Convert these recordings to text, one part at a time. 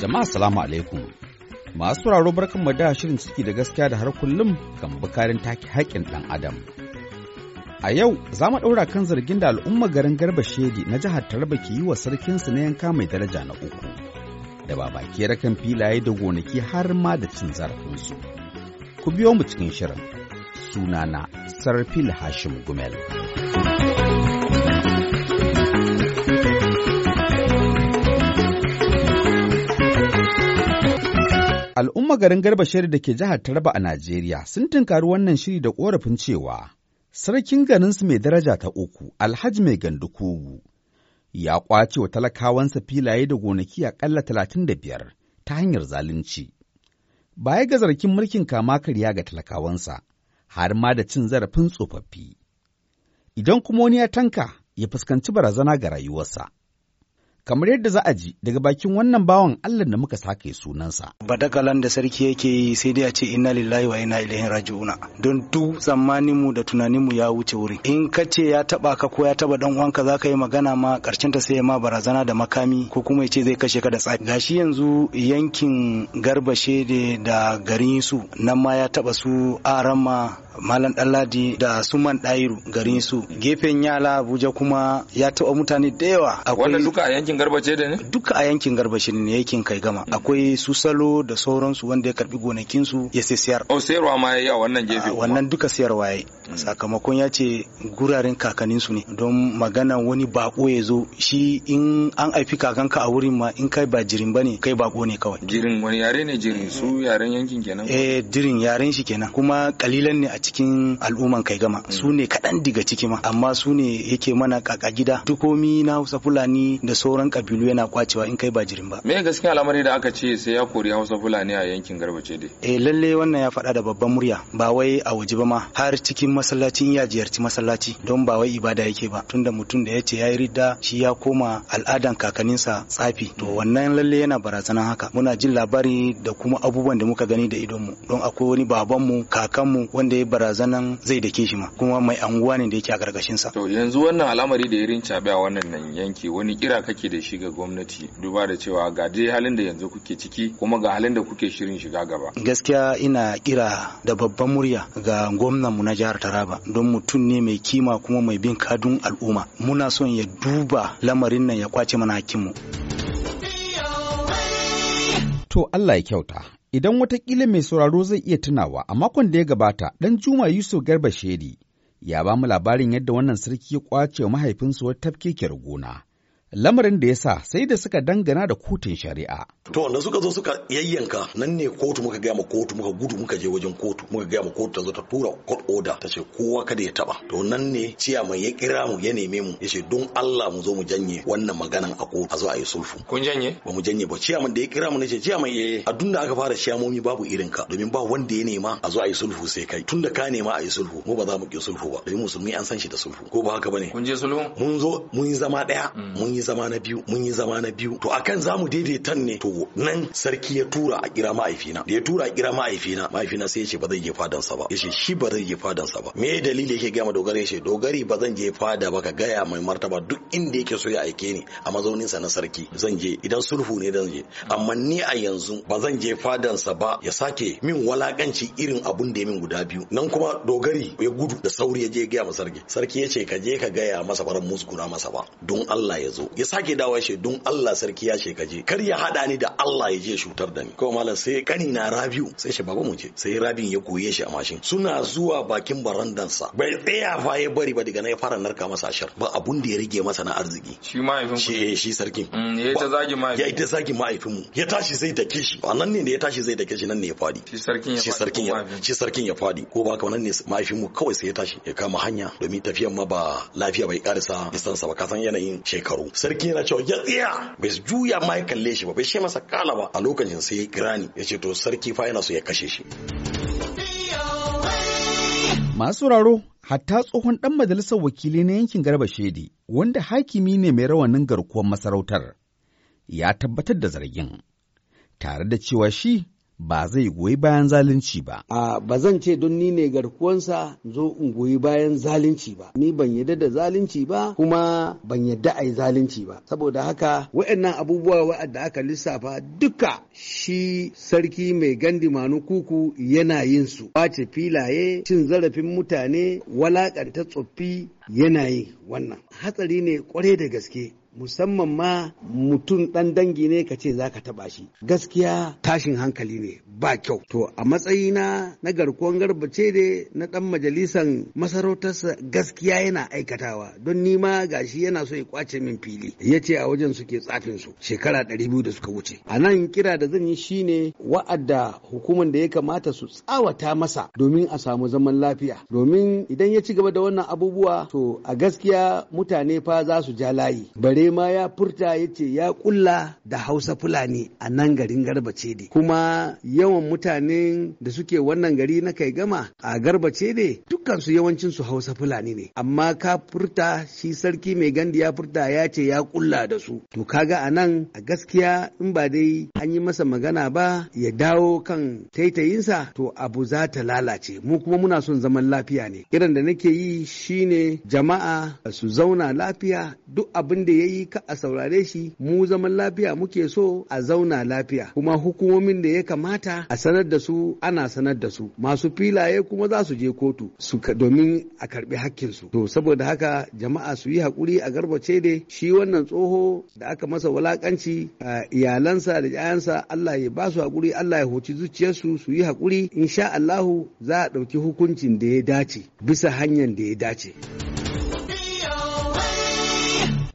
Jama'a salamu alaikum. Masu sauraro barkan mu da shirin ciki da gaskiya da har kullum kan bukarin take haƙƙin ɗan adam. A yau za mu ɗaura kan zargin da al'umma garin Garba Shedi na jihar Taraba ke yi wa sarkinsu na yanka mai daraja na uku. Da baki rakan filaye da gonaki har ma da cin zarafinsu. Ku biyo mu cikin shirin. sunana Sarfil Hashim Gumel. Al'umma garin Garba Shari da ke jihar Taraba a Najeriya sun tunkari wannan shiri da ƙorafin cewa sarkin garinsu mai daraja ta uku alhaji mai gandukugu ya ƙwace wa talakawansa filaye da gonaki a aƙalla talatin da biyar ta hanyar zalunci. Baya ga zargin mulkin kama karya ga talakawansa, har ma da cin zarafin tsofaffi. Idan kuma wani ya tanka, ya fuskanci barazana ga rayuwarsa. kamar yadda za a ji daga bakin wannan bawan Allah da muka sake sunansa. Badagalan da sarki yake yi sai dai a ce inna lillahi wa inna ilaihi raji'una don duk tsammanin da tunaninmu ya wuce wuri. In ka ce ya taba ka ko ya taba dan uwanka za ka yi magana ma karshen ta sai ma barazana da makami ko kuma ya ce zai kashe ka da tsafi. Gashi yanzu yankin Garba Shede da garin su nan ma ya taba su Arama malam ɗanladi da suman ɗairu garin su gefen yala abuja kuma ya taɓa mutane da yawa wannan duka a yankin garbace da ne duka a yankin garbace ne yankin kai gama mm. akwai su salo da sauransu wanda ya karbi gonakin su ya sai siyar oh sayarwa ma yayi a wannan gefe wannan duka siyar yayi mm. sakamakon ya ce guraren kakannin su ne don magana wani bako ya zo shi in an aifi kakanka a wurin ma in kai ba jirin bane kai bako ne kawai jirin wani yare ne jirin su yaren yankin kenan eh jirin yaren shi kenan kuma kalilan ne a cikin al'umman kai gama mm. su ne kaɗan diga ciki ma amma su ne yake mana kaka gida dukomi na hausa fulani da sauran kabilu yana kwacewa in kai ba jirin ba me gaskiya al'amari da aka ce sai ya kori hausa fulani a yankin garbace dai eh lalle wannan ya faɗa da babban murya ba wai a waje ba ma har cikin masallacin ya ziyarci masallaci don ba wai ibada yake ba tunda mutum da ya ce ya yi ridda shi ya koma al'adan kakanninsa tsafi to wannan lalle yana barazanan haka muna jin labari da kuma abubuwan da muka gani da idonmu don akwai wani babanmu kakanmu wanda ya barazanan zai dake shi ma kuma mai anguwa ne da yake a gargashin sa to yanzu wannan al'amari da irin cabe a wannan nan yanki wani kira kake da shi ga gwamnati duba da cewa ga dai halin da yanzu kuke ciki kuma ga halin da kuke shirin shiga gaba gaskiya ina kira da babban murya ga gwamnan mu na jihar Taraba don mutum ne mai kima kuma mai bin kadun al'umma muna son ya duba lamarin nan ya kwace mana mu. To Allah ya kyauta, Idan watakila mai sauraro zai iya tunawa a makon da ya gabata ɗan Juma Yusuf Garba Shedi ya ba mu labarin yadda wannan sarki ya kwace wa mahaifinsu wata tafkekiyar gona lamarin da ya sa sai da suka dangana da kotun shari'a. To da suka zo suka yayyanka nan ne kotu muka gaya ma kotu muka gudu muka je wajen kotu muka gaya ma kotu ta zo ta tura court order ta ce kowa kada ya taba. To nan ne ciya mai ya kira mu ya neme mu ya ce don Allah mu zo mu janye wannan maganan a kotu a zo a yi sulfu. Kun janye? Ba mu janye ba ciya da ya kira mu na ce ciya mai eh, a dunda aka fara ciyamomi babu irin ka domin ba wanda ya nema a zo a yi sulfu sai kai tunda ka nema a yi sulfu mu ba za mu ki sulfu ba domin musulmi an san shi da sulfu ko ba haka bane. Kun je sulhu? Mun zo mun yi zama daya mm. mun yi zama na biyu mun yi zama na biyu to akan zamu daidaita ne to nan sarki ya tura a kira ma'aifina da ya tura a kira ma'aifina ma'aifina sai ya ce ba zai je fadan sa ba ya ce shi ba zai je fadan sa ba me dalili yake ga ma dogare shi dogari ba zan je fada ba ka gaya mai martaba duk inda yake so ya aike ni a mazaunin sa na sarki zan je idan sulhu ne zan je amma ni a yanzu ba zan je fadan sa ba ya sake min walakanci irin abun da ya min guda biyu nan kuma dogari ya gudu da sauri ya je gaya ma sarki sarki ya ce ka je ka gaya masa baran musguna masa ba don Allah ya zo ya sake dawo shi don Allah sarki ya ce kaje kar ya hada ni da Allah ya je shutar da ni kawai malam sai kani na Rabiu sai shi baba mu je sai Rabiu ya goye shi a mashin suna zuwa bakin barandansa bai tsaya fa ya bari ba daga na ya fara narka masa shar ba abun da ya rige masa na arziki shi mahaifin shi shi sarkin mm, ya ta zagi mahaifin ya ita zagi mahaifin mu ya tashi zai da kishi a nan ne da ya tashi zai da kishi nan ne ya fadi shi sarkin ya fadi shi sarkin ya fadi ko ba kamar nan ne mahaifin mu kawai sai ya tashi ya kama hanya domin tafiyan ma ba lafiya bai karisa isansa ba san yanayin shekaru sarki yana cewa ya tsaya bai juya ma ya kalle shi ba bai shi masa kala ba a lokacin sai girani ya ce to sarki fa yana so ya kashe shi masu raro hatta tsohon dan majalisar wakili na yankin garba shedi wanda hakimi ne mai rawanin garkuwar masarautar ya tabbatar da zargin tare da cewa shi ba zai goyi bayan zalunci ba. A ba zan ce don ni ne garkuwansa zo in goyi bayan zalunci ba. Ni ban yadda da zalunci ba kuma ban yadda a yi zalunci ba. Saboda haka wa'annan abubuwa wa'adda aka lissafa duka shi sarki mai gandi manu kuku yana yin su. Wace filaye, cin zarafin mutane, walakanta tsoffi yana yi wannan. Hatsari ne kwarai da gaske. musamman ma mutum ɗan dangi ne ka ce za ka taɓa shi gaskiya tashin hankali ne ba kyau to a matsayina na garkuwan garbace da na ɗan majalisan masarautarsa gaskiya yana aikatawa don nima ma gashi yana so ya kwace min fili ya ce a wajen suke tsafin su shekara ɗari biyu da suka wuce a nan kira da zan yi shi ne wa'adda hukuman da ya kamata su tsawata masa domin a samu zaman lafiya domin idan ya ci gaba da wannan abubuwa to a gaskiya mutane fa za su ja layi bare ma ya furta ya ce ya kulla da hausa fulani a nan garin garbace ne kuma yawan mutanen da suke wannan gari na kai gama a garbace ne dukansu yawancin su hausa fulani ne amma ka furta shi sarki mai gandi ya furta ya ce ya kulla da su to kaga a nan a gaskiya in ba dai an yi masa magana ba ya dawo kan taitayinsa to abu za ta lalace mu kuma muna son zaman lafiya ne irin da nake yi shine jama'a su zauna lafiya duk abin da ya yi ka a saurare shi mu zaman lafiya muke so a zauna lafiya kuma hukumomin da ya kamata a sanar da su ana sanar da su masu filaye kuma za su je kotu su domin a karbi hakkinsu to saboda haka jama'a su yi hakuri a Garba ce da shi wannan tsoho da aka masa wulakanci iyalansa da 'ya'yansa Allah ya ba su hakuri Allah ya huci zuciyarsu su yi hakuri insha Allahu za a ɗauki hukuncin da ya dace bisa hanyar da ya dace.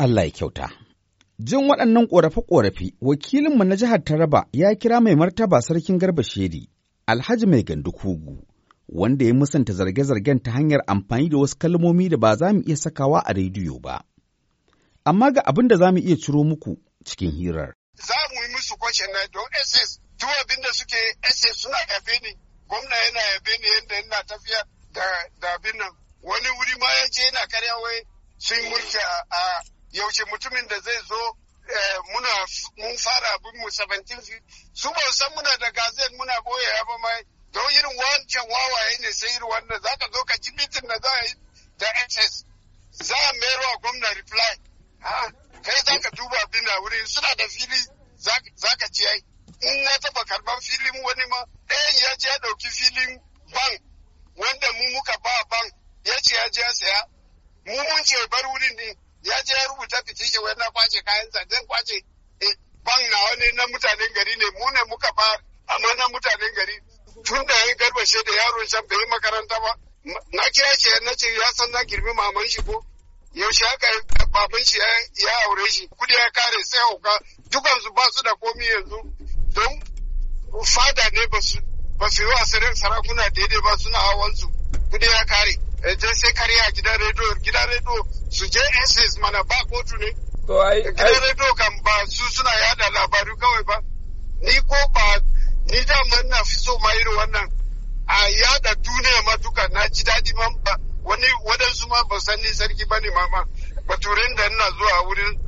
Allah ya kyauta. Jin waɗannan ƙorafe-ƙorafe, wakilinmu na jihar Taraba ya kira mai martaba sarkin Garba Shedi, Alhaji Mai Gandukugu, wanda ya musanta zarge-zargen ta hanyar amfani da wasu kalmomi da ba za mu iya sakawa a rediyo ba. Amma ga abin da za mu iya ciro muku cikin hirar. Za mu yi musu kwashe na don SS, duk abin da suke SS suna yabe ni, gwamna yana yabe ni yadda yana tafiya da abin nan. Wani wuri ma ya je yana karyawai sun mulki a yaushe mutumin da zai zo eh, muna mun fara abin mu 17 su ba san muna da gazet muna boye ba mai don irin wancan wawaye ne sai irin wannan zaka zo ka ji kwace kayan sa zan kwace eh, ban na wani na mutanen gari ne mu ne muka ba amma na mutanen gari tun da ya garbashe da yaron shan bai makaranta ba na kira shi na ce ya san na girmi maman shi ko yaushe haka baban shi ya aure shi kudi ya kare sai hauka dukansu ba su da komi yanzu don fada ne ba su yi wa sarakuna daidai ba suna hawansu kudi ya kare je eh, sai kariya gidan rediyo gidan rediyo su je ss mana ba kotu ne To ai gidan kan ba su suna yada labaru kawai ba. Ni ko ba ni dama na fi so ma irin wannan a yada duniya ma duka na ji daɗi ba wani waɗansu ma ba san ni sarki ba ne ma ma baturen da ina zuwa wurin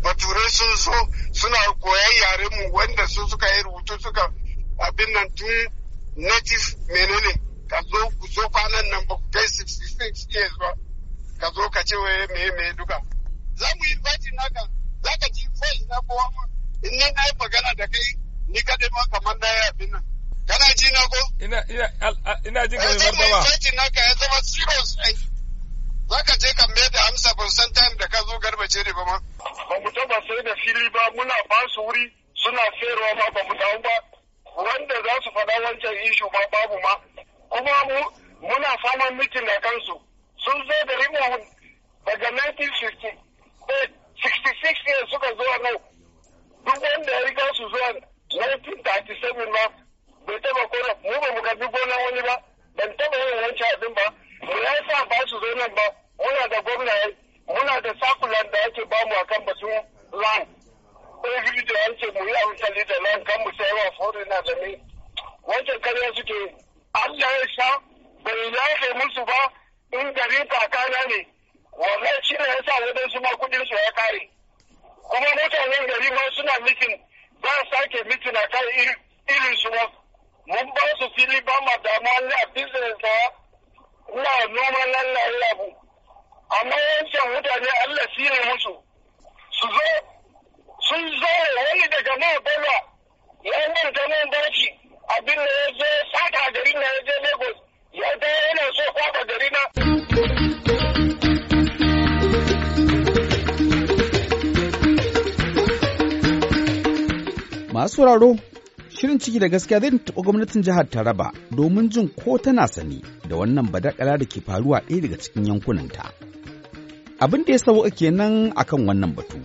baturai sun zo suna koyan yare mu wanda su suka yi rubutu suka abin nan tun native menene ka zo ku zo kwanan nan ba ku kai 66 years ba ka zo ka ce waye meye meye duka za mu yi zaci naka za ka ji fai na kowa ma in ni na yi magana da kai ni dai ma kamar na ya abin nan kana ji na ko ina ina ina jin ka eh, mai martaba zaci naka ya zama zero sai eh. za ka je ka mai da amsa ban san time da ka zo garbace ne ba ma ba mu taba sai da fili ba muna ba su wuri suna sayarwa ma ba mu dawo ba wanda za su faɗa wancan ishu ma babu ma kuma mu muna faman mikin da kansu sun zo da rimon daga 1950 66 ne suka zuwa nan duk wanda ya riga su zuwa 1937 ma bai taba kona mu ba mu karbi gonan wani ba ban taba yin wancan abin ba mu ya sa ba su zo nan ba muna da gwamna muna da sakulan da ake ba mu akan batun land ɗaya da an ce mu yi amfani da land kan mu sai wa fori na da ne wancan karya suke Allah ya sha bai yafe musu ba in garin kakana ne wallahi wannan ya sa waɗansu ma kuɗin su ya kare kuma mutanen gari ma suna mitin za a sake mitin a kan irin su mun ba su fili ba ma dama na business na na noma lallan labu amma yancan mutane Allah shi ne musu su zo sun zo wani daga ma bala ya manta nan bashi abin da ya zo saka garin na ya je Lagos Masu sauraro, shirin ciki da gaskiya zai taɓa gwamnatin jihar Taraba domin jin ko tana sani da wannan badakala da ke faruwa ɗaya daga cikin yankunanta. Abin da ya sauka kenan akan wannan batu,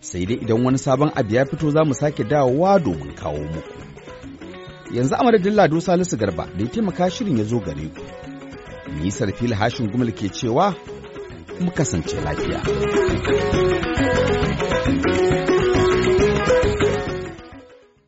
sai dai idan wani sabon abu ya fito za mu sake dawowa domin kawo muku. Yanzu a madadin Lado Salisu Garba da ya taimaka shirin ya zo gare ku. Nisar Sarfil hashin gumal ke cewa mu kasance lafiya.